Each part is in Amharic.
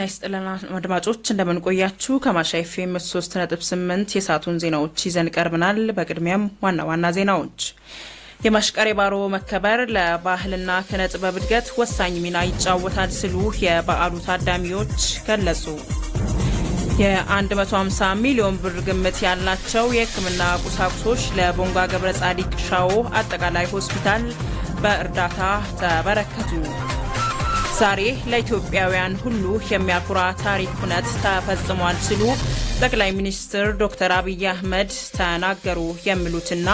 ጤና ይስጥልና አድማጮች እንደምንቆያችሁ ከማሻ ኤፍ ኤም 3.8 የሰዓቱን ዜናዎች ይዘን ቀርብናል። በቅድሚያም ዋና ዋና ዜናዎች የማሽቀሬ ባሮ መከበር ለባህልና ኪነ ጥበብ እድገት ወሳኝ ሚና ይጫወታል ሲሉ የበዓሉ ታዳሚዎች ገለጹ። የ150 ሚሊዮን ብር ግምት ያላቸው የሕክምና ቁሳቁሶች ለቦንጋ ገብረ ጻዲቅ ሻዎ አጠቃላይ ሆስፒታል በእርዳታ ተበረከቱ። ዛሬ ለኢትዮጵያውያን ሁሉ የሚያኩራ ታሪክ ሁነት ተፈጽሟል ሲሉ ጠቅላይ ሚኒስትር ዶክተር አብይ አህመድ ተናገሩ የሚሉትና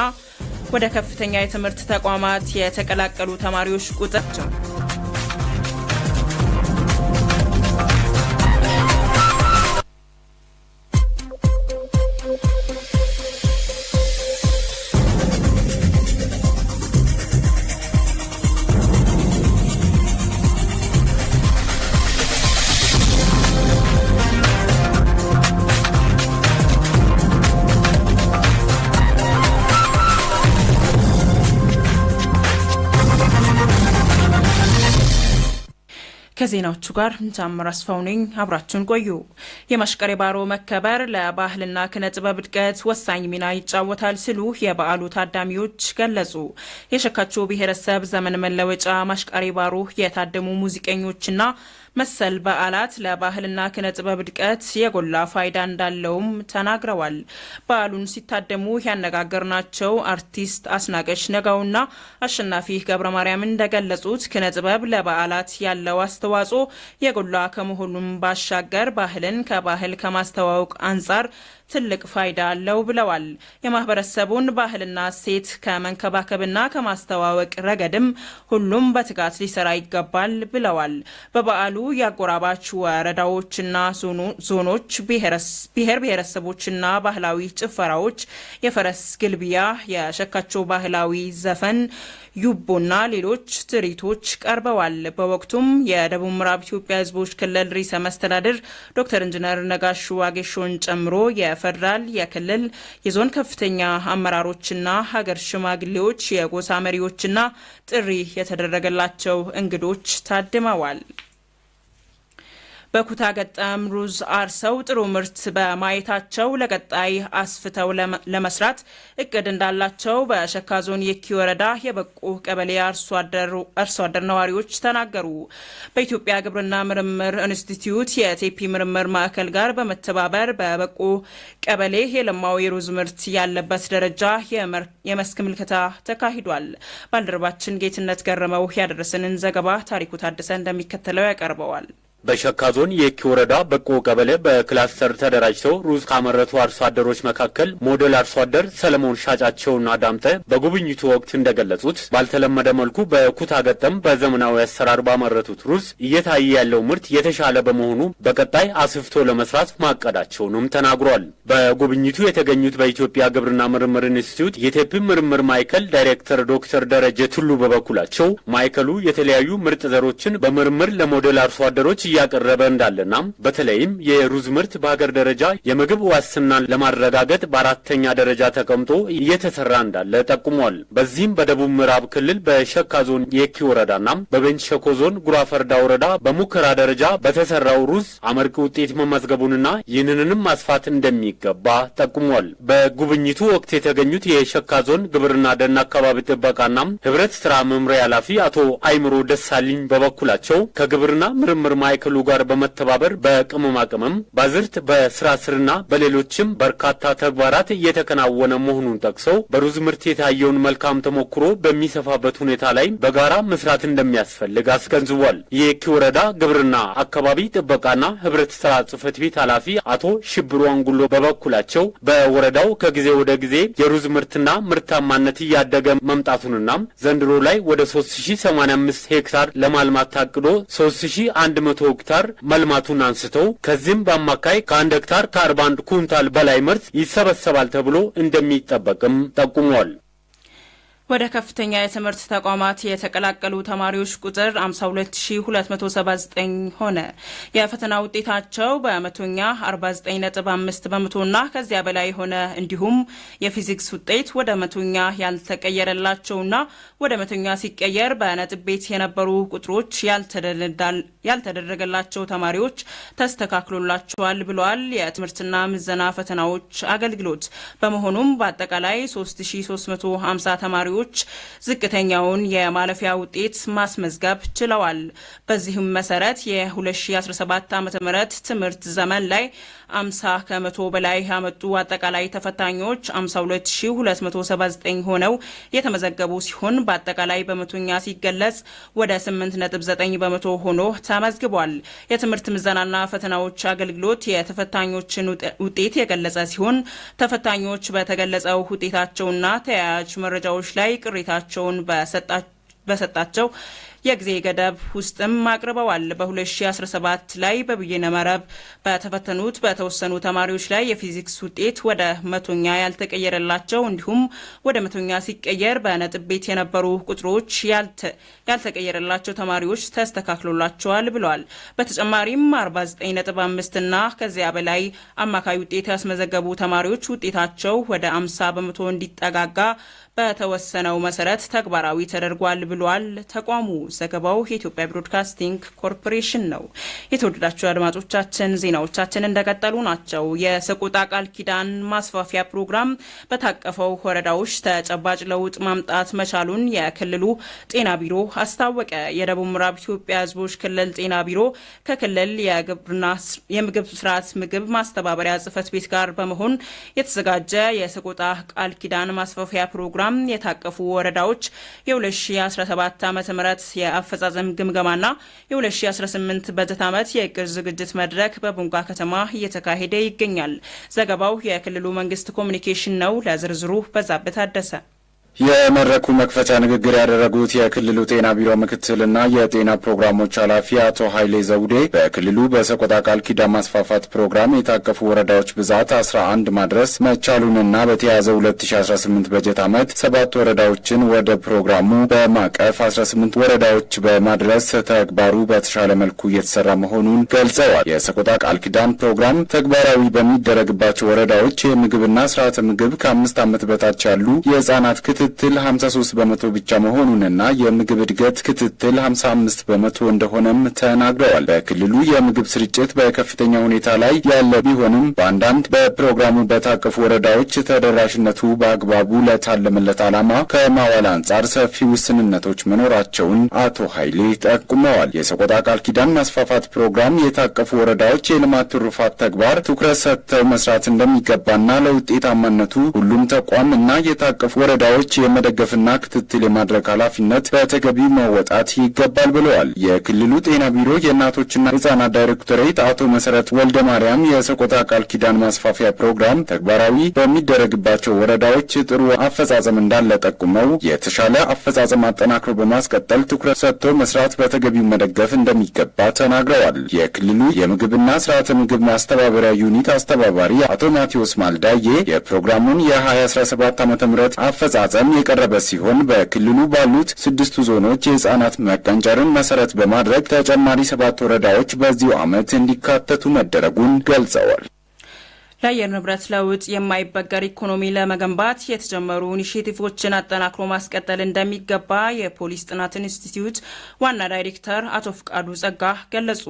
ወደ ከፍተኛ የትምህርት ተቋማት የተቀላቀሉ ተማሪዎች ቁጥር ከዜናዎቹ ጋር ጃምር አስፋው ነኝ። አብራችሁን ቆዩ። የማሽቀሬ ባሮ መከበር ለባህልና ክነ ጥበብ እድገት ወሳኝ ሚና ይጫወታል ሲሉ የበዓሉ ታዳሚዎች ገለጹ። የሸካቾ ብሔረሰብ ዘመን መለወጫ ማሽቀሪ ባሮ የታደሙ ሙዚቀኞችና መሰል በዓላት ለባህልና ክነ ጥበብ እድቀት የጎላ ፋይዳ እንዳለውም ተናግረዋል። በዓሉን ሲታደሙ ያነጋገርናቸው አርቲስት አስናቀሽ ነጋውና አሸናፊ ገብረ ማርያም እንደገለጹት ክነ ጥበብ ለበዓላት ያለው አስተዋጽኦ የጎላ ከመሆኑም ባሻገር ባህልን ከባህል ከማስተዋወቅ አንጻር ትልቅ ፋይዳ አለው ብለዋል። የማህበረሰቡን ባህልና እሴት ከመንከባከብና ከማስተዋወቅ ረገድም ሁሉም በትጋት ሊሰራ ይገባል ብለዋል። በበዓሉ የአጎራባች ወረዳዎችና ዞኖች ብሔር ብሔረሰቦችና ባህላዊ ጭፈራዎች፣ የፈረስ ግልቢያ፣ የሸካቾ ባህላዊ ዘፈን ዩቦና ሌሎች ትርኢቶች ቀርበዋል። በወቅቱም የደቡብ ምዕራብ ኢትዮጵያ ህዝቦች ክልል ርዕሰ መስተዳድር ዶክተር ኢንጂነር ነጋሹ ዋጌሾን ጨምሮ የፌዴራል የክልል የዞን ከፍተኛ አመራሮችና ሀገር ሽማግሌዎች፣ የጎሳ መሪዎችና ጥሪ የተደረገላቸው እንግዶች ታድመዋል። በኩታ ገጠም ሩዝ አርሰው ጥሩ ምርት በማየታቸው ለቀጣይ አስፍተው ለመስራት እቅድ እንዳላቸው በሸካ ዞን የኪ ወረዳ የበቁ ቀበሌ አርሶ አደር ነዋሪዎች ተናገሩ። በኢትዮጵያ ግብርና ምርምር ኢንስቲትዩት የቴፒ ምርምር ማዕከል ጋር በመተባበር በበቁ ቀበሌ የለማው የሩዝ ምርት ያለበት ደረጃ የመስክ ምልከታ ተካሂዷል። ባልደረባችን ጌትነት ገረመው ያደረሰንን ዘገባ ታሪኩ ታደሰ እንደሚከተለው ያቀርበዋል። በሸካ ዞን የኪ ወረዳ በቆ ቀበሌ በክላስተር ተደራጅተው ሩዝ ካመረቱ አርሶ አደሮች መካከል ሞዴል አርሶ አደር ሰለሞን ሻጫቸውና ዳምጠ በጉብኝቱ ወቅት እንደገለጹት ባልተለመደ መልኩ በኩታ ገጠም በዘመናዊ አሰራር ባመረቱት ሩዝ እየታየ ያለው ምርት የተሻለ በመሆኑ በቀጣይ አስፍቶ ለመስራት ማቀዳቸውንም ተናግሯል። በጉብኝቱ የተገኙት በኢትዮጵያ ግብርና ምርምር ኢንስቲትዩት የቴፒ ምርምር ማዕከል ዳይሬክተር ዶክተር ደረጀ ቱሉ በበኩላቸው ማዕከሉ የተለያዩ ምርጥ ዘሮችን በምርምር ለሞዴል አርሶ አደሮች እያቀረበ እንዳለና በተለይም የሩዝ ምርት በሀገር ደረጃ የምግብ ዋስትናን ለማረጋገጥ በአራተኛ ደረጃ ተቀምጦ እየተሰራ እንዳለ ጠቁሟል። በዚህም በደቡብ ምዕራብ ክልል በሸካ ዞን የኪ ወረዳና በቤንች ሸኮ ዞን ጉራፈርዳ ወረዳ በሙከራ ደረጃ በተሰራው ሩዝ አመርቂ ውጤት መመዝገቡንና ይህንንም ማስፋት እንደሚገባ ጠቁሟል። በጉብኝቱ ወቅት የተገኙት የሸካ ዞን ግብርና ደን አካባቢ ጥበቃና ህብረት ስራ መምሪያ ኃላፊ አቶ አይምሮ ደሳልኝ በበኩላቸው ከግብርና ምርምር ማይ ከማዕከሉ ጋር በመተባበር በቅመማ ቅመም ባዝርት በስራ ስርና በሌሎችም በርካታ ተግባራት እየተከናወነ መሆኑን ጠቅሰው በሩዝ ምርት የታየውን መልካም ተሞክሮ በሚሰፋበት ሁኔታ ላይ በጋራ መስራት እንደሚያስፈልግ አስገንዝቧል። የኪ ወረዳ ግብርና አካባቢ ጥበቃና ህብረት ስራ ጽህፈት ቤት ኃላፊ አቶ ሽብሩ አንጉሎ በበኩላቸው በወረዳው ከጊዜ ወደ ጊዜ የሩዝ ምርትና ምርታማነት እያደገ መምጣቱንና ዘንድሮ ላይ ወደ 3085 ሄክታር ለማልማት ታቅዶ 3100 ሄክታር መልማቱን አንስተው ከዚህም በአማካይ ከአንድ ሄክታር ከአርባ አንድ ኩንታል በላይ ምርት ይሰበሰባል ተብሎ እንደሚጠበቅም ጠቁሟል። ወደ ከፍተኛ የትምህርት ተቋማት የተቀላቀሉ ተማሪዎች ቁጥር 52279 ሆነ። የፈተና ውጤታቸው በመቶኛ 49.5 በመቶና ከዚያ በላይ ሆነ። እንዲሁም የፊዚክስ ውጤት ወደ መቶኛ ያልተቀየረላቸውና ወደ መቶኛ ሲቀየር በነጥብ ቤት የነበሩ ቁጥሮች ያልተደረገላቸው ተማሪዎች ተስተካክሎላቸዋል ብሏል የትምህርትና ምዘና ፈተናዎች አገልግሎት። በመሆኑም በአጠቃላይ 3350 ተማሪዎች ተወዳዳሪዎች ዝቅተኛውን የማለፊያ ውጤት ማስመዝገብ ችለዋል። በዚህም መሰረት የ2017 ዓ ም ትምህርት ዘመን ላይ 50 ከመቶ በላይ ያመጡ አጠቃላይ ተፈታኞች 52279 ሆነው የተመዘገቡ ሲሆን በአጠቃላይ በመቶኛ ሲገለጽ ወደ 8.9 በመቶ ሆኖ ተመዝግቧል። የትምህርት ምዘናና ፈተናዎች አገልግሎት የተፈታኞችን ውጤት የገለጸ ሲሆን ተፈታኞች በተገለጸው ውጤታቸውና ተያያዥ መረጃዎች ላይ ቅሬታቸውን በሰጣቸው የጊዜ ገደብ ውስጥም አቅርበዋል። በ2017 ላይ በብይነ መረብ በተፈተኑት በተወሰኑ ተማሪዎች ላይ የፊዚክስ ውጤት ወደ መቶኛ ያልተቀየረላቸው እንዲሁም ወደ መቶኛ ሲቀየር በነጥብ ቤት የነበሩ ቁጥሮች ያልተቀየረላቸው ተማሪዎች ተስተካክሎላቸዋል ብለዋል። በተጨማሪም 49.5 እና ከዚያ በላይ አማካይ ውጤት ያስመዘገቡ ተማሪዎች ውጤታቸው ወደ 50 በመቶ እንዲጠጋጋ በተወሰነው መሰረት ተግባራዊ ተደርጓል ብሏል ተቋሙ። ዘገባው የኢትዮጵያ ብሮድካስቲንግ ኮርፖሬሽን ነው። የተወደዳችሁ አድማጮቻችን ዜናዎቻችን እንደቀጠሉ ናቸው። የሰቆጣ ቃል ኪዳን ማስፋፊያ ፕሮግራም በታቀፈው ወረዳዎች ተጨባጭ ለውጥ ማምጣት መቻሉን የክልሉ ጤና ቢሮ አስታወቀ። የደቡብ ምዕራብ ኢትዮጵያ ሕዝቦች ክልል ጤና ቢሮ ከክልል የግብርና የምግብ ስርዓት ምግብ ማስተባበሪያ ጽህፈት ቤት ጋር በመሆን የተዘጋጀ የሰቆጣ ቃል ኪዳን ማስፋፊያ ፕሮግራም ፕሮግራም የታቀፉ ወረዳዎች የ2017 ዓ ም የአፈጻጸም ግምገማና የ2018 በጀት ዓመት የእቅድ ዝግጅት መድረክ በቡንጋ ከተማ እየተካሄደ ይገኛል። ዘገባው የክልሉ መንግስት ኮሚኒኬሽን ነው። ለዝርዝሩ በዛብህ ታደሰ የመድረኩ መክፈቻ ንግግር ያደረጉት የክልሉ ጤና ቢሮ ምክትልና የጤና ፕሮግራሞች ኃላፊ አቶ ኃይሌ ዘውዴ በክልሉ በሰቆጣ ቃል ኪዳን ማስፋፋት ፕሮግራም የታቀፉ ወረዳዎች ብዛት 11 ማድረስ መቻሉንና በተያዘ 2018 በጀት ዓመት ሰባት ወረዳዎችን ወደ ፕሮግራሙ በማቀፍ 18 ወረዳዎች በማድረስ ተግባሩ በተሻለ መልኩ እየተሰራ መሆኑን ገልጸዋል። የሰቆጣ ቃል ኪዳን ፕሮግራም ተግባራዊ በሚደረግባቸው ወረዳዎች የምግብና ስርዓተ ምግብ ከአምስት ዓመት በታች ያሉ የህጻናት ክትል ክትትል 53 በመቶ ብቻ መሆኑንና የምግብ እድገት ክትትል 55 በመቶ እንደሆነም ተናግረዋል። በክልሉ የምግብ ስርጭት በከፍተኛ ሁኔታ ላይ ያለ ቢሆንም በአንዳንድ በፕሮግራሙ በታቀፉ ወረዳዎች ተደራሽነቱ በአግባቡ ለታለመለት ዓላማ ከማዋል አንጻር ሰፊ ውስንነቶች መኖራቸውን አቶ ኃይሌ ጠቁመዋል። የሰቆጣ ቃል ኪዳን ማስፋፋት ፕሮግራም የታቀፉ ወረዳዎች የልማት ትሩፋት ተግባር ትኩረት ሰጥተው መስራት እንደሚገባና ለውጤታማነቱ ሁሉም ተቋም እና የታቀፉ ወረዳዎች የመደገፍና ክትትል የማድረግ ኃላፊነት በተገቢው መወጣት ይገባል ብለዋል። የክልሉ ጤና ቢሮ የእናቶችና ህጻናት ዳይሬክቶሬት አቶ መሰረት ወልደ ማርያም የሰቆጣ ቃል ኪዳን ማስፋፊያ ፕሮግራም ተግባራዊ በሚደረግባቸው ወረዳዎች ጥሩ አፈጻጸም እንዳለ ጠቁመው የተሻለ አፈጻጸም አጠናክሮ በማስቀጠል ትኩረት ሰጥቶ መስራት በተገቢው መደገፍ እንደሚገባ ተናግረዋል። የክልሉ የምግብና ስርዓተ ምግብ ማስተባበሪያ ዩኒት አስተባባሪ አቶ ማቴዎስ ማልዳዬ የፕሮግራሙን የ2017 ዓ ም አፈጻጸም ጥቆማም የቀረበ ሲሆን በክልሉ ባሉት ስድስቱ ዞኖች የህጻናት መቀንጨርን መሰረት በማድረግ ተጨማሪ ሰባት ወረዳዎች በዚሁ ዓመት እንዲካተቱ መደረጉን ገልጸዋል። የአየር ንብረት ለውጥ የማይበገር ኢኮኖሚ ለመገንባት የተጀመሩ ኢኒሽቲቮችን አጠናክሮ ማስቀጠል እንደሚገባ የፖሊስ ጥናት ኢንስቲትዩት ዋና ዳይሬክተር አቶ ፍቃዱ ጸጋ ገለጹ።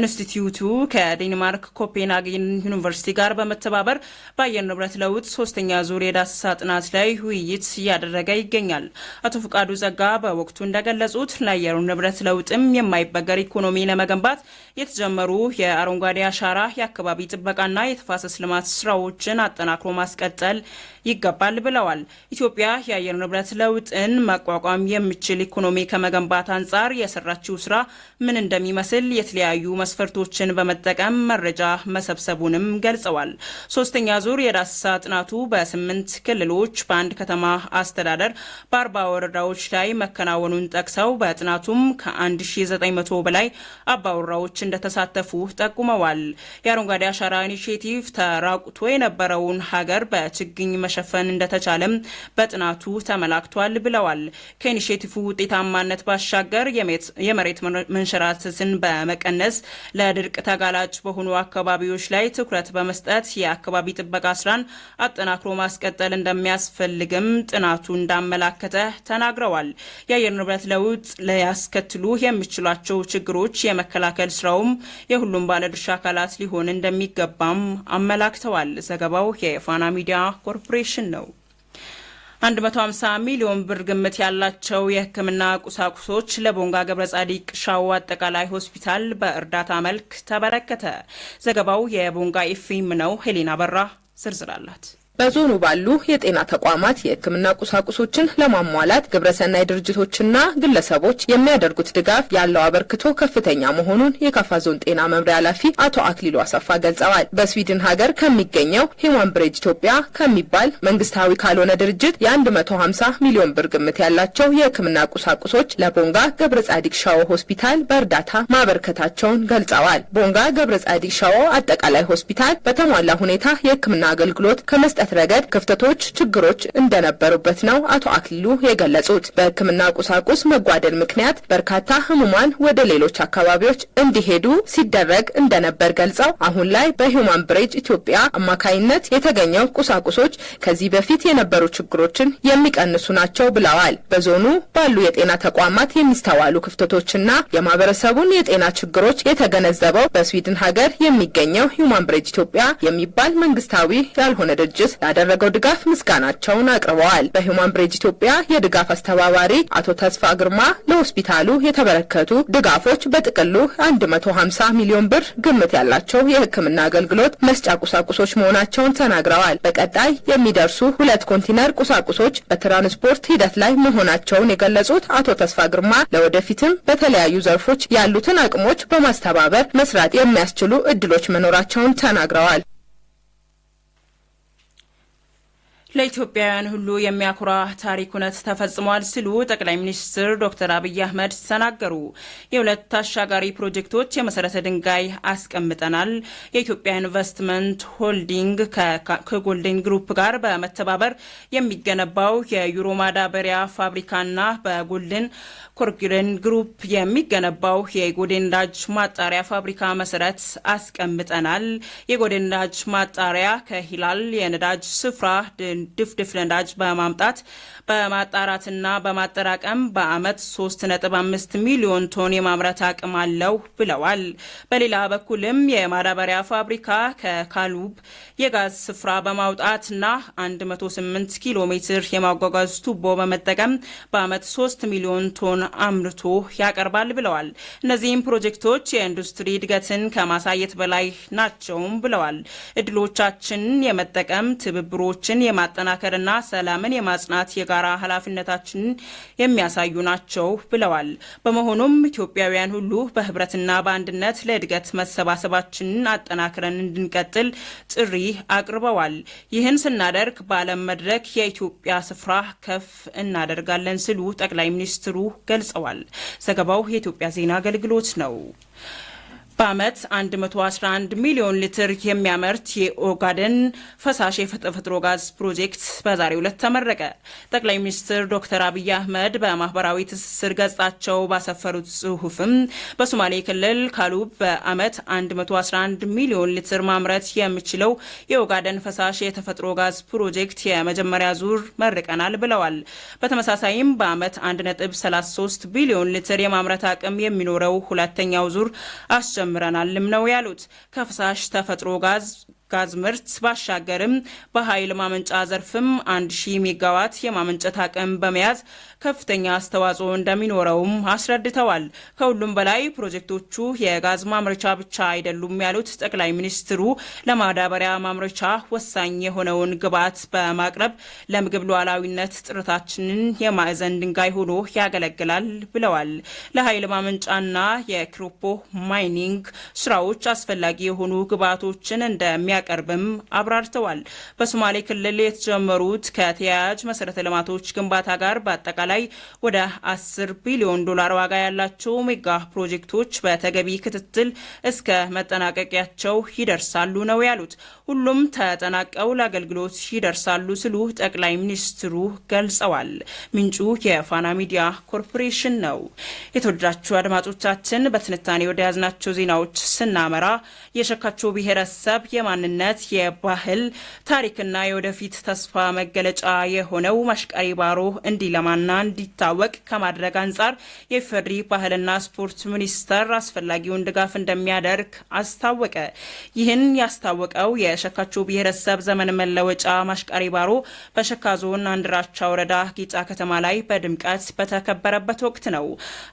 ኢንስቲትዩቱ ከዴንማርክ ኮፔንሃገን ዩኒቨርሲቲ ጋር በመተባበር በአየር ንብረት ለውጥ ሶስተኛ ዙር የዳሰሳ ጥናት ላይ ውይይት እያደረገ ይገኛል። አቶ ፍቃዱ ጸጋ በወቅቱ እንደገለጹት ለአየሩ ንብረት ለውጥም የማይበገር ኢኮኖሚ ለመገንባት የተጀመሩ የአረንጓዴ አሻራ፣ የአካባቢ ጥበቃና የተፋሰስ ልማት የልማት ስራዎችን አጠናክሮ ማስቀጠል ይገባል ብለዋል። ኢትዮጵያ የአየር ንብረት ለውጥን መቋቋም የሚችል ኢኮኖሚ ከመገንባት አንጻር የሰራችው ስራ ምን እንደሚመስል የተለያዩ መስፈርቶችን በመጠቀም መረጃ መሰብሰቡንም ገልጸዋል። ሶስተኛ ዙር የዳሰሳ ጥናቱ በስምንት ክልሎች በአንድ ከተማ አስተዳደር በአርባ ወረዳዎች ላይ መከናወኑን ጠቅሰው በጥናቱም ከ1900 በላይ አባወራዎች እንደተሳተፉ ጠቁመዋል። የአረንጓዴ አሻራ ኢኒሽቲቭ ራቁቶ የነበረውን ሀገር በችግኝ መሸፈን እንደተቻለም በጥናቱ ተመላክቷል ብለዋል። ከኢኒሽቲቭ ውጤታማነት ባሻገር የመሬት መንሸራተትን በመቀነስ ለድርቅ ተጋላጭ በሆኑ አካባቢዎች ላይ ትኩረት በመስጠት የአካባቢ ጥበቃ ስራን አጠናክሮ ማስቀጠል እንደሚያስፈልግም ጥናቱ እንዳመላከተ ተናግረዋል። የአየር ንብረት ለውጥ ሊያስከትሉ የሚችሏቸው ችግሮች የመከላከል ስራውም የሁሉም ባለድርሻ አካላት ሊሆን እንደሚገባም አመላ አመላክተዋል። ዘገባው የፋና ሚዲያ ኮርፖሬሽን ነው። 150 ሚሊዮን ብር ግምት ያላቸው የሕክምና ቁሳቁሶች ለቦንጋ ገብረ ጻዲቅ ሻው አጠቃላይ ሆስፒታል በእርዳታ መልክ ተበረከተ። ዘገባው የቦንጋ ኢፊም ነው። ሄሌና በራ ዝርዝር አላት። በዞኑ ባሉ የጤና ተቋማት የሕክምና ቁሳቁሶችን ለማሟላት ግብረሰናይ ድርጅቶችና ግለሰቦች የሚያደርጉት ድጋፍ ያለው አበርክቶ ከፍተኛ መሆኑን የካፋ ዞን ጤና መምሪያ ኃላፊ አቶ አክሊሉ አሰፋ ገልጸዋል። በስዊድን ሀገር ከሚገኘው ሂማን ብሬጅ ኢትዮጵያ ከሚባል መንግስታዊ ካልሆነ ድርጅት የ150 ሚሊዮን ብር ግምት ያላቸው የሕክምና ቁሳቁሶች ለቦንጋ ገብረ ጻዲቅ ሻዎ ሆስፒታል በእርዳታ ማበርከታቸውን ገልጸዋል። ቦንጋ ገብረ ጻዲቅ ሻዎ አጠቃላይ ሆስፒታል በተሟላ ሁኔታ የሕክምና አገልግሎት ከመስጠት በመስጠት ረገድ ክፍተቶች፣ ችግሮች እንደነበሩበት ነው አቶ አክሊሉ የገለጹት። በሕክምና ቁሳቁስ መጓደል ምክንያት በርካታ ህሙማን ወደ ሌሎች አካባቢዎች እንዲሄዱ ሲደረግ እንደነበር ገልጸው አሁን ላይ በሂውማን ብሬጅ ኢትዮጵያ አማካይነት የተገኘው ቁሳቁሶች ከዚህ በፊት የነበሩ ችግሮችን የሚቀንሱ ናቸው ብለዋል። በዞኑ ባሉ የጤና ተቋማት የሚስተዋሉ ክፍተቶችና የማህበረሰቡን የጤና ችግሮች የተገነዘበው በስዊድን ሀገር የሚገኘው ሂውማን ብሬጅ ኢትዮጵያ የሚባል መንግስታዊ ያልሆነ ድርጅት ላደረገው ድጋፍ ምስጋናቸውን አቅርበዋል። በሂውማን ብሬጅ ኢትዮጵያ የድጋፍ አስተባባሪ አቶ ተስፋ ግርማ ለሆስፒታሉ የተበረከቱ ድጋፎች በጥቅሉ 150 ሚሊዮን ብር ግምት ያላቸው የሕክምና አገልግሎት መስጫ ቁሳቁሶች መሆናቸውን ተናግረዋል። በቀጣይ የሚደርሱ ሁለት ኮንቲነር ቁሳቁሶች በትራንስፖርት ሂደት ላይ መሆናቸውን የገለጹት አቶ ተስፋ ግርማ ለወደፊትም በተለያዩ ዘርፎች ያሉትን አቅሞች በማስተባበር መስራት የሚያስችሉ እድሎች መኖራቸውን ተናግረዋል። ለኢትዮጵያውያን ሁሉ የሚያኩራ ታሪክ እውነት ተፈጽሟል ሲሉ ጠቅላይ ሚኒስትር ዶክተር አብይ አህመድ ተናገሩ። የሁለት አሻጋሪ ፕሮጀክቶች የመሰረተ ድንጋይ አስቀምጠናል፣ የኢትዮጵያ ኢንቨስትመንት ሆልዲንግ ከጎልደን ግሩፕ ጋር በመተባበር የሚገነባው የዩሮ ማዳበሪያ ፋብሪካና በጎልደን ኮርግደን ግሩፕ የሚገነባው የጎዴንዳጅ ማጣሪያ ፋብሪካ መሰረት አስቀምጠናል፣ የጎዴንዳጅ ማጣሪያ ከሂላል የነዳጅ ስፍራ ድፍድፍ ነዳጅ በማምጣት በማጣራትና በማጠራቀም በዓመት 3.5 ሚሊዮን ቶን የማምረት አቅም አለው ብለዋል። በሌላ በኩልም የማዳበሪያ ፋብሪካ ከካሉብ የጋዝ ስፍራ በማውጣትና 108 ኪሎ ሜትር የማጓጓዝ ቱቦ በመጠቀም በአመት 3 ሚሊዮን ቶን አምርቶ ያቀርባል ብለዋል። እነዚህም ፕሮጀክቶች የኢንዱስትሪ እድገትን ከማሳየት በላይ ናቸውም ብለዋል። እድሎቻችን የመጠቀም ትብብሮችን የማ የማጠናከርና ሰላምን የማጽናት የጋራ ኃላፊነታችንን የሚያሳዩ ናቸው ብለዋል። በመሆኑም ኢትዮጵያውያን ሁሉ በህብረትና በአንድነት ለእድገት መሰባሰባችንን አጠናክረን እንድንቀጥል ጥሪ አቅርበዋል። ይህን ስናደርግ በዓለም መድረክ የኢትዮጵያ ስፍራ ከፍ እናደርጋለን ሲሉ ጠቅላይ ሚኒስትሩ ገልጸዋል። ዘገባው የኢትዮጵያ ዜና አገልግሎት ነው። በዓመት 111 ሚሊዮን ሊትር የሚያመርት የኦጋደን ፈሳሽ የተፈጥሮ ጋዝ ፕሮጀክት በዛሬው ዕለት ተመረቀ። ጠቅላይ ሚኒስትር ዶክተር አብይ አህመድ በማህበራዊ ትስስር ገጻቸው ባሰፈሩት ጽሁፍም በሶማሌ ክልል ካሉብ በዓመት 111 ሚሊዮን ሊትር ማምረት የሚችለው የኦጋደን ፈሳሽ የተፈጥሮ ጋዝ ፕሮጀክት የመጀመሪያ ዙር መርቀናል ብለዋል። በተመሳሳይም በዓመት 1.33 ቢሊዮን ሊትር የማምረት አቅም የሚኖረው ሁለተኛው ዙር አስጀ ጀምረናልም ነው ያሉት። ከፍሳሽ ተፈጥሮ ጋዝ ጋዝ ምርት ባሻገርም በኃይል ማመንጫ ዘርፍም አንድ ሺህ ሜጋዋት የማመንጨት አቅም በመያዝ ከፍተኛ አስተዋጽኦ እንደሚኖረውም አስረድተዋል። ከሁሉም በላይ ፕሮጀክቶቹ የጋዝ ማምረቻ ብቻ አይደሉም ያሉት ጠቅላይ ሚኒስትሩ ለማዳበሪያ ማምረቻ ወሳኝ የሆነውን ግብዓት በማቅረብ ለምግብ ሉዓላዊነት ጥረታችንን የማዕዘን ድንጋይ ሆኖ ያገለግላል ብለዋል። ለኃይል ማመንጫና የክሮፖ ማይኒንግ ስራዎች አስፈላጊ የሆኑ ግብዓቶችን እንደሚያ እንደሚያቀርብም አብራርተዋል። በሶማሌ ክልል የተጀመሩት ከተያያዥ መሰረተ ልማቶች ግንባታ ጋር በአጠቃላይ ወደ 10 ቢሊዮን ዶላር ዋጋ ያላቸው ሜጋ ፕሮጀክቶች በተገቢ ክትትል እስከ መጠናቀቂያቸው ይደርሳሉ ነው ያሉት። ሁሉም ተጠናቀው ለአገልግሎት ይደርሳሉ ሲሉ ጠቅላይ ሚኒስትሩ ገልጸዋል። ምንጩ የፋና ሚዲያ ኮርፖሬሽን ነው። የተወደዳችሁ አድማጮቻችን በትንታኔ ወደ ያዝናቸው ዜናዎች ስናመራ የሸካቸው ብሔረሰብ የማን ማንነት፣ የባህል ታሪክና የወደፊት ተስፋ መገለጫ የሆነው ማሽቀሪ ባሮ እንዲለማና እንዲታወቅ ከማድረግ አንጻር የኢፌዴሪ ባህልና ስፖርት ሚኒስቴር አስፈላጊውን ድጋፍ እንደሚያደርግ አስታወቀ። ይህን ያስታወቀው የሸካቹ ብሔረሰብ ዘመን መለወጫ ማሽቀሪ ባሮ በሸካ ዞን አንድራቻ ወረዳ ጌጫ ከተማ ላይ በድምቀት በተከበረበት ወቅት ነው።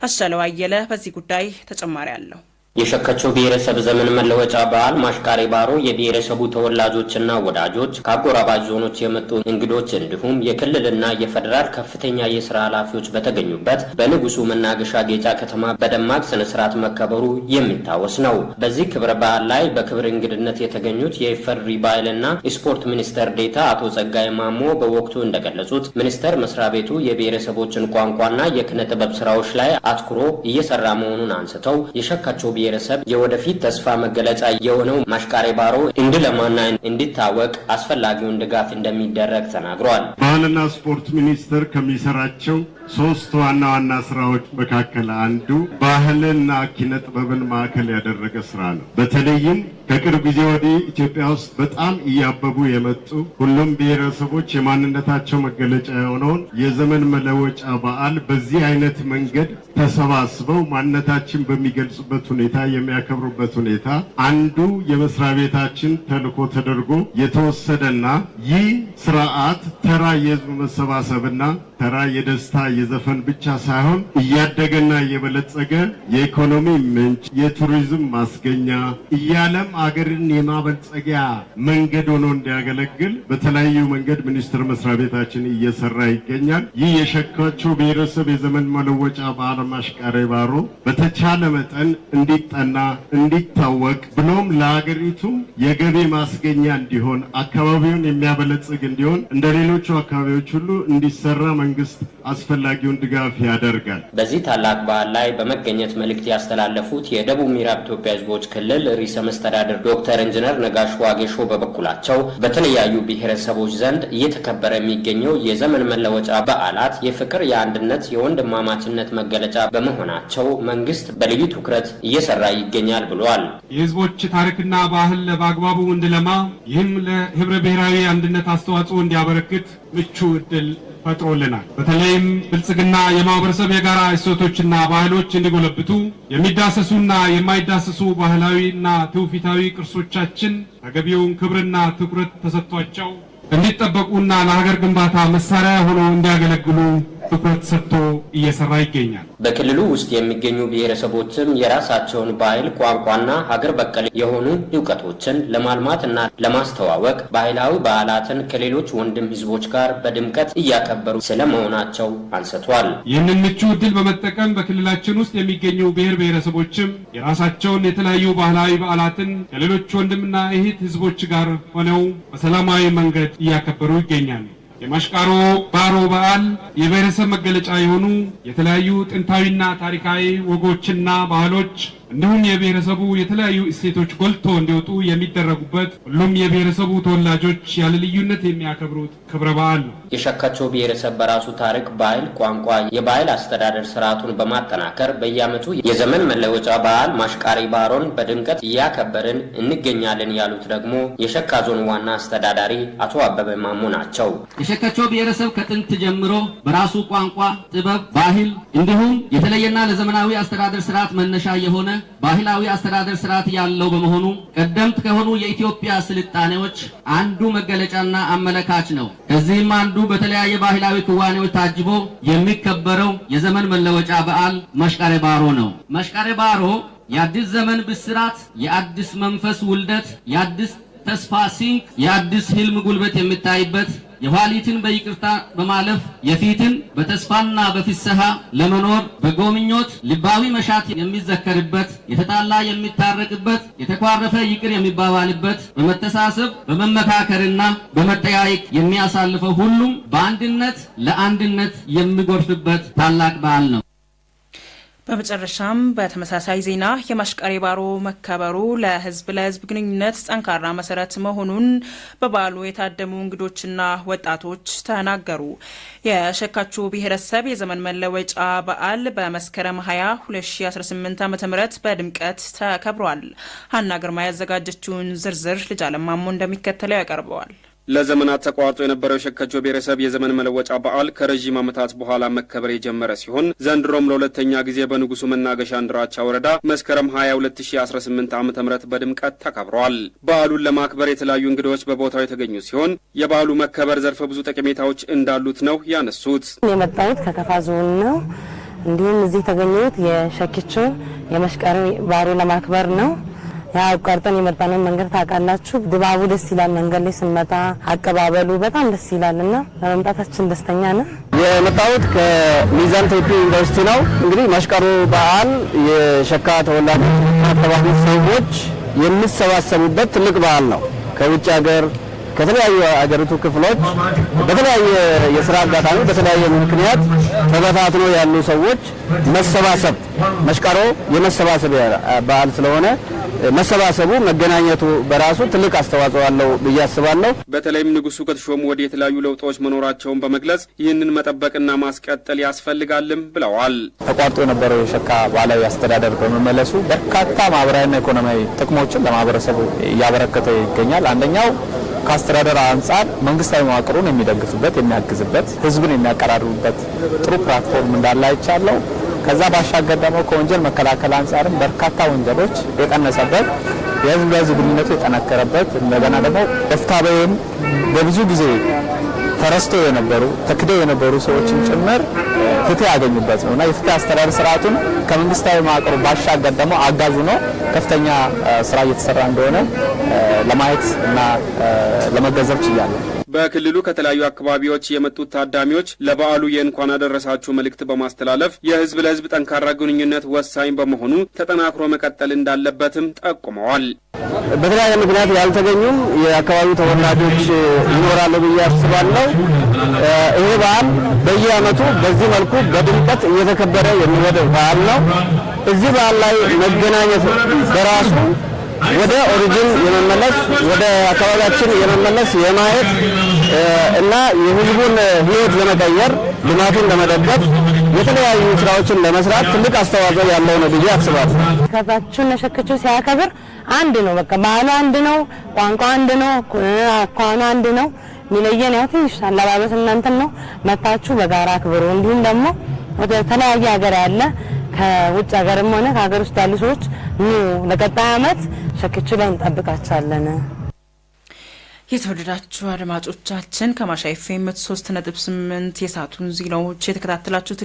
አሻለው አየለ በዚህ ጉዳይ ተጨማሪ አለው። የሸከቾ ብሔረሰብ ዘመን መለወጫ በዓል ማሽቃሪ ባሮ የብሔረሰቡ ተወላጆችና ወዳጆች ከአጎራባች ዞኖች የመጡ እንግዶች እንዲሁም የክልልና የፌዴራል ከፍተኛ የስራ ኃላፊዎች በተገኙበት በንጉሱ መናገሻ ጌጫ ከተማ በደማቅ ስነስርዓት መከበሩ የሚታወስ ነው። በዚህ ክብረ በዓል ላይ በክብር እንግድነት የተገኙት የኢፌዴሪ ባህልና ስፖርት ሚኒስተር ዴታ አቶ ጸጋይ ማሞ በወቅቱ እንደገለጹት ሚኒስተር መስሪያ ቤቱ የብሔረሰቦችን ቋንቋና የክነ ጥበብ ስራዎች ላይ አትኩሮ እየሰራ መሆኑን አንስተው የሸካቸው ብሔረሰብ የወደፊት ተስፋ መገለጫ የሆነው ማሽቃሬ ባሮ እንዲለማና እንዲታወቅ አስፈላጊውን ድጋፍ እንደሚደረግ ተናግሯል። ባህልና ስፖርት ሚኒስቴር ከሚሰራቸው ሶስት ዋና ዋና ስራዎች መካከል አንዱ ባህልና ኪነ ጥበብን ማዕከል ያደረገ ስራ ነው። በተለይም ከቅርብ ጊዜ ወዲህ ኢትዮጵያ ውስጥ በጣም እያበቡ የመጡ ሁሉም ብሔረሰቦች የማንነታቸው መገለጫ የሆነውን የዘመን መለወጫ በዓል በዚህ አይነት መንገድ ተሰባስበው ማንነታችን በሚገልጹበት ሁኔታ የሚያከብሩበት ሁኔታ አንዱ የመስሪያ ቤታችን ተልዕኮ ተደርጎ የተወሰደና ይህ ስርዓት ተራ የህዝብ መሰባሰብና ተራ የደስታ የዘፈን ብቻ ሳይሆን እያደገና የበለጸገ የኢኮኖሚ ምንጭ፣ የቱሪዝም ማስገኛ እያለም አገርን የማበልጸጊያ መንገድ ሆኖ እንዲያገለግል በተለያዩ መንገድ ሚኒስቴር መስሪያ ቤታችን እየሰራ ይገኛል። ይህ የሸካቸው ብሔረሰብ የዘመን መለወጫ በዓል ማሽቃሬ ባሮ በተቻለ መጠን እንዲጠና እንዲታወቅ ብሎም ለሀገሪቱ የገቢ ማስገኛ እንዲሆን አካባቢውን የሚያበለጽግ እንዲሆን እንደ ሌሎቹ አካባቢዎች ሁሉ እንዲሰራ መንግስት አስፈላጊውን ድጋፍ ያደርጋል። በዚህ ታላቅ በዓል ላይ በመገኘት መልእክት ያስተላለፉት የደቡብ ምዕራብ ኢትዮጵያ ህዝቦች ክልል ርዕሰ መስተዳድር ዶክተር ኢንጂነር ነጋሽ ዋጌሾ በበኩላቸው በተለያዩ ብሔረሰቦች ዘንድ እየተከበረ የሚገኘው የዘመን መለወጫ በዓላት የፍቅር፣ የአንድነት፣ የወንድማማችነት መገለጫ በመሆናቸው መንግስት በልዩ ትኩረት እየሰራ ይገኛል ብሏል። የህዝቦች ታሪክና ባህል በአግባቡ እንዲለማ ይህም ለህብረ ብሔራዊ አንድነት አስተዋጽኦ እንዲያበረክት ምቹ እድል ፈጥሮልናል። በተለይም ብልጽግና የማህበረሰብ የጋራ እሴቶችና ባህሎች እንዲጎለብቱ የሚዳሰሱና የማይዳሰሱ ባህላዊና ትውፊታዊ ቅርሶቻችን ተገቢውን ክብርና ትኩረት ተሰጥቷቸው እንዲጠበቁና ለሀገር ግንባታ መሳሪያ ሆነው እንዲያገለግሉ ትኩረት ሰጥቶ እየሰራ ይገኛል። በክልሉ ውስጥ የሚገኙ ብሔረሰቦችም የራሳቸውን ባህል፣ ቋንቋና ሀገር በቀል የሆኑ እውቀቶችን ለማልማት እና ለማስተዋወቅ ባህላዊ በዓላትን ከሌሎች ወንድም ህዝቦች ጋር በድምቀት እያከበሩ ስለመሆናቸው አንስቷል። ይህንን ምቹ እድል በመጠቀም በክልላችን ውስጥ የሚገኙ ብሔር ብሔረሰቦችም የራሳቸውን የተለያዩ ባህላዊ በዓላትን ከሌሎች ወንድምና እህት ህዝቦች ጋር ሆነው በሰላማዊ መንገድ እያከበሩ ይገኛል። የመሽቃሮ ባሮ በዓል የብሔረሰብ መገለጫ የሆኑ የተለያዩ ጥንታዊና ታሪካዊ ወጎችና ባህሎች እንዲሁም የብሔረሰቡ የተለያዩ እሴቶች ጎልቶ እንዲወጡ የሚደረጉበት ሁሉም የብሔረሰቡ ተወላጆች ያለ ልዩነት የሚያከብሩት ክብረ በዓል ነው። የሸካቸው ብሔረሰብ በራሱ ታሪክ፣ ባህል፣ ቋንቋ፣ የባህል አስተዳደር ስርዓቱን በማጠናከር በየዓመቱ የዘመን መለወጫ በዓል ማሽቃሪ ባሮን በድምቀት እያከበርን እንገኛለን ያሉት ደግሞ የሸካ ዞን ዋና አስተዳዳሪ አቶ አበበ ማሞ ናቸው። የሸካቸው ብሔረሰብ ከጥንት ጀምሮ በራሱ ቋንቋ፣ ጥበብ፣ ባህል እንዲሁም የተለየና ለዘመናዊ አስተዳደር ስርዓት መነሻ የሆነ ባህላዊ አስተዳደር ስርዓት ያለው በመሆኑ ቀደምት ከሆኑ የኢትዮጵያ ስልጣኔዎች አንዱ መገለጫና አመለካች ነው። ከዚህም አንዱ በተለያየ ባህላዊ ክዋኔዎች ታጅቦ የሚከበረው የዘመን መለወጫ በዓል መሽቀሬ ባሮ ነው። መሽቀሬ ባሮ የአዲስ ዘመን ብስራት፣ የአዲስ መንፈስ ውልደት፣ የአዲስ ተስፋ ሲንቅ የአዲስ ህልም ጉልበት የሚታይበት የኋሊትን በይቅርታ በማለፍ የፊትን በተስፋና በፍስሐ ለመኖር በጎምኞት ልባዊ መሻት የሚዘከርበት የተጣላ የሚታረቅበት የተኳረፈ ይቅር የሚባባልበት በመተሳሰብ በመመካከርና በመጠያየቅ የሚያሳልፈው ሁሉም በአንድነት ለአንድነት የሚጎርፍበት ታላቅ በዓል ነው። በመጨረሻም በተመሳሳይ ዜና የማሽቀሪ ባሮ መከበሩ ለሕዝብ ለሕዝብ ግንኙነት ጠንካራ መሰረት መሆኑን በበዓሉ የታደሙ እንግዶችና ወጣቶች ተናገሩ። የሸካቹ ብሔረሰብ የዘመን መለወጫ በዓል በመስከረም 20 2018 ዓ ም በድምቀት ተከብሯል። ሀና ግርማ ያዘጋጀችውን ዝርዝር ልጅ አለማሞ እንደሚከተለው ያቀርበዋል። ለዘመናት ተቋርጦ የነበረው የሸከቾ ብሔረሰብ የዘመን መለወጫ በዓል ከረዥም ዓመታት በኋላ መከበር የጀመረ ሲሆን ዘንድሮም ለሁለተኛ ጊዜ በንጉሱ መናገሻ እንድራቻ ወረዳ መስከረም 22 2018 ዓ ም በድምቀት ተከብረዋል። በዓሉን ለማክበር የተለያዩ እንግዶች በቦታው የተገኙ ሲሆን የበዓሉ መከበር ዘርፈ ብዙ ጠቀሜታዎች እንዳሉት ነው ያነሱት። የመጣሁት ከከፋ ዞን ነው። እንዲሁም እዚህ የተገኙት የሸኪቾ የመስቀረም በዓሉ ለማክበር ነው። አቋርጠን የመጣነው መንገድ ታውቃላችሁ። ድባቡ ደስ ይላል። መንገድ ላይ ስንመጣ አቀባበሉ በጣም ደስ ይላል እና በመምጣታችን ደስተኛ ነን። የመጣሁት ከሚዛን ቴፒ ዩኒቨርሲቲ ነው። እንግዲህ መሽቀሩ በዓል የሸካ ተወላጆች አካባቢ ሰዎች የሚሰባሰቡበት ትልቅ በዓል ነው። ከውጭ ሀገር ከተለያዩ አገሪቱ ክፍሎች በተለያየ የስራ አጋጣሚ በተለያየ ምክንያት ተበታትኖ ያሉ ሰዎች መሰባሰብ መሽቀሮ የመሰባሰብ በዓል ስለሆነ መሰባሰቡ መገናኘቱ በራሱ ትልቅ አስተዋጽኦ አለው ብዬ አስባለሁ። በተለይም ንጉሱ ከተሾሙ ወደ የተለያዩ ለውጦች መኖራቸውን በመግለጽ ይህንን መጠበቅና ማስቀጠል ያስፈልጋልም ብለዋል። ተቋርጦ የነበረው የሸካ ባህላዊ አስተዳደር በመመለሱ በርካታ ማህበራዊና ኢኮኖሚያዊ ጥቅሞችን ለማህበረሰቡ እያበረከተ ይገኛል። አንደኛው ከአስተዳደር አንጻር መንግስታዊ መዋቅሩን የሚደግፍበት የሚያግዝበት፣ ህዝብን የሚያቀራርብበት ጥሩ ፕላትፎርም እንዳለ አይቻለው። ከዛ ባሻገር ደግሞ ከወንጀል መከላከል አንጻርም በርካታ ወንጀሎች የቀነሰበት የህዝብ ለህዝብ ግንኙነቱ የጠናከረበት እንደገና ደግሞ ፍትሐብሔርም በብዙ ጊዜ ተረስቶ የነበሩ ተክደው የነበሩ ሰዎችን ጭምር ፍትህ ያገኙበት ነው እና የፍትህ አስተዳደር ስርዓቱን ከመንግስታዊ ማዕቀሩ ባሻገር ደግሞ አጋዙ ነው ከፍተኛ ስራ እየተሰራ እንደሆነ ለማየት እና ለመገንዘብ ችያለሁ። በክልሉ ከተለያዩ አካባቢዎች የመጡት ታዳሚዎች ለበዓሉ የእንኳን አደረሳችሁ መልእክት በማስተላለፍ የህዝብ ለህዝብ ጠንካራ ግንኙነት ወሳኝ በመሆኑ ተጠናክሮ መቀጠል እንዳለበትም ጠቁመዋል። በተለያየ ምክንያት ያልተገኙም የአካባቢው ተወላጆች ይኖራሉ ብዬ አስባለሁ። ይህ በዓል በየአመቱ በዚህ መልኩ በድምቀት እየተከበረ የሚሄድ በዓል ነው። እዚህ በዓል ላይ መገናኘት በራሱ ወደ ኦሪጂን የመመለስ ወደ አካባቢያችን የመመለስ የማየት እና የህዝቡን ህይወት ለመቀየር ልማቱን ለመደገፍ የተለያዩ ስራዎችን ለመስራት ትልቅ አስተዋጽኦ ያለው ነው ብዬ አስባለሁ። ከዛችን ነሸክቹ ሲያከብር አንድ ነው፣ በቃ ባህሉ አንድ ነው፣ ቋንቋ አንድ ነው፣ አኳኑ አንድ ነው። የሚለየን ያው ትንሽ አለባበስ እናንተን ነው። መታችሁ በጋራ አክብሩ። እንዲሁም ደግሞ ወደ ተለያየ ሀገር ያለ ከውጭ ሀገርም ሆነ ከሀገር ውስጥ ያሉ ሰዎች ለቀጣይ አመት ቸክቹ ላይ እንጠብቃችኋለን። የተወደዳችሁ አድማጮቻችን ከማሻ ኤፍ ኤም ሶስት ነጥብ ስምንት የሳቱን ዜናዎች የተከታተላችሁትን